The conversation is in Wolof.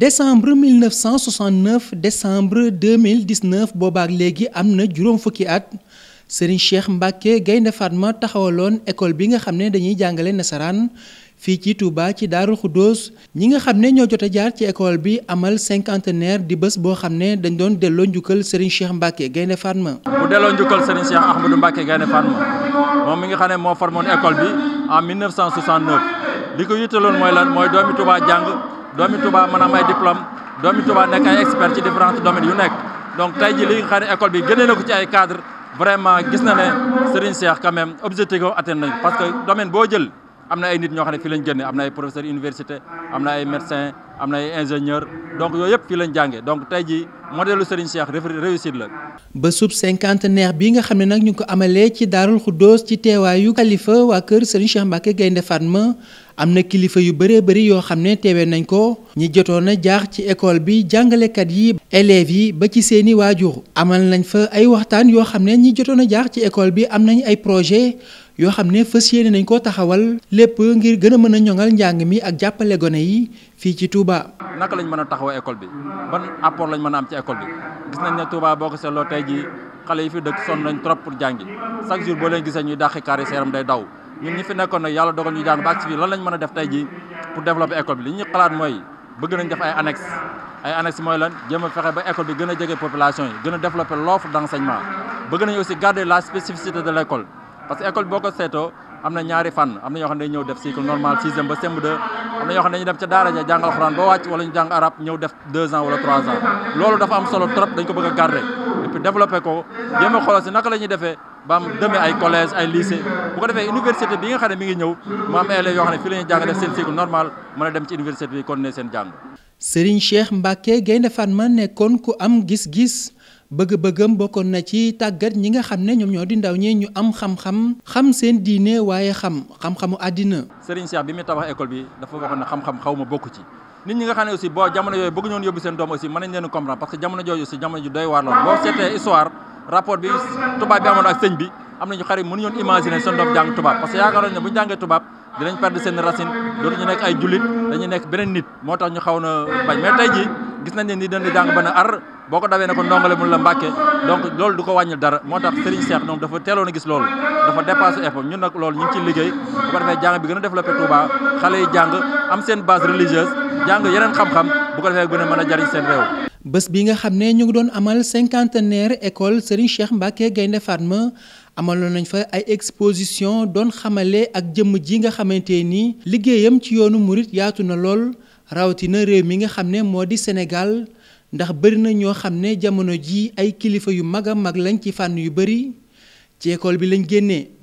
décembre 1969 décembre 2019 boobaak léegi am na juróom fukki at Serigne Cheikh Mbacke Gaynde Fatma taxawaloon école bi nga xam ne dañuy jàngale nasaraan fii ci Touba ci Daaru Xuddoos ñi nga xam ne ñoo jot a jaar ci école bi amal cinquantenaire di bés boo xam ne dañ doon delloo njukkal Serigne Cheikh Mbacke Gaynde Fatma. bu delloo njukkal Serigne Cheikh Ahmadou Mbacke Gaynde Fatma moom mi nga xam ne moo formoon école bi en 1969 ko yittaloon mooy lan mooy doomi Touba doomi Touba mën a am ay diplôme doomi Touba nekk ay expert ci différents domaines yu nekk donc tey ji li école bi génnee na ci ay cadre vraiment gis na ne Serigne Cheikh quand même objectif ko atteindre parce que domaine boo jël am na ay nit ñoo xam ne fii lañ génne am na ay professeurs université am na ay médecins am na ay ingénieur donc yooyu yëpp fii lañ jàngee donc tey jii modèle Serigne Cheikh réussite la. ba sub neex bi nga xam ne nag ñu ko amalee ci Daarul Xuddoos ci teewaayu kalifa waa kër Serigne Cheikh Mbacke Gaynde ma am na kilifa yu bëree bëri yoo xam ne teewee nañ ko ñi jotoon a jaax ci école bi jàngalekat yi élèves yi ba ci seeni waajur amal nañ fa ay waxtaan yoo xam ne ñi jotoon a jaax ci école bi am nañu ay projet yoo xam ne fës yéene nañ koo taxawal lépp ngir gën a mën a ñoŋal njàng mi ak jàppale gone yi fii ci Touba. naka lañ mën a taxawoo école bi ban apport lañ mën a am ci école bi gis nañ ne boo ko seetloo tey jii xale yi fi dëkk sonn nañ trop jàngi chaque jour boo leen gisee ñuy dàqi kaar yi seeram day daw ñun fi nekkoon nag yàlla dogal ñu jàng ba ci fii mën a def tey jii pour développer école bi li ñuy xalaat mooy bëgg nañ def ay annexe ay annexe mooy lan jéem fexe ba école bi gën jege population yi gën a développer l'offre d'enseignement de l'école parce am na ñaari fànn am na ñoo xam ne ñëw def cycle normal sixième ba semb deux am na ñoo xam ne dañuy dem ca daara ba wàcc wala ñu jàng arab ñëw def deux ans wala trois ans loolu dafa am solo trop dañ ko bëgg a garder ko jéem a xoolal naka la defee ba am demee ay collège ay lycée bu ko defee université bi nga xam ne mi ngi ñëw mu am élèves yoo xam ne fii la jàng def seen cycle normal mën a dem ci université bi continuer seen jàng Serigne bëgg-bëggam bokkoon na ci tàggat ñi nga xam ne ñoom ñoo di ndaw ñi ñu am xam-xam xam seen diine waaye xam xam-xamu àddina Serigne Cheikh bi muy tabax école bi dafa waxoon ne xam-xam xaw ma bokk ci nit ñi nga xam ne aussi boo jamono yooyu bëgg ñoon yóbbu seen doom aussi mën nañ leen comprendre parce que jamono bi am nañu xarit mënuñoon imaginer seen doom jàng tubaab parce que yaakaaroon ne bu ñu jàngee tubaab dinañ perdre seen racine dootuñu nekk ay jullit dañuy nekk beneen nit moo tax ñu xaw na bañ mais tey gis nañ ne ni dañu jàng ba na ar boo ko dawee ne ko ndongale mun la mbàkke donc loolu du ko wàññil dara moo tax Serigne Cheikh ñoom dafa teeloon a gis loolu dafa dépassé effort ñun nag loolu ñu ngi ciy liggéey bu ko defee jàng bi gën a développé Touba xale yi jàng am seen base religieuse jàng yeneen xam-xam bu ko defee bu ne mën a jariñ seen réew bés bi nga xam ne ñu ngi doon amal cinquantenaire école Serigne Cheikh Mbacke Gaynde Fatma amaloon nañ fa ay exposition doon xamale ak jëmm ji nga xamante ni liggéeyam ci yoonu murit yaatu na lool rawatina réew mi nga xam ne moo di senegal ndax bëri na ñoo xam ne jamono ji ay kilifa yu mag a mag lañ ci fànn yu bëri ci bi lañ génnee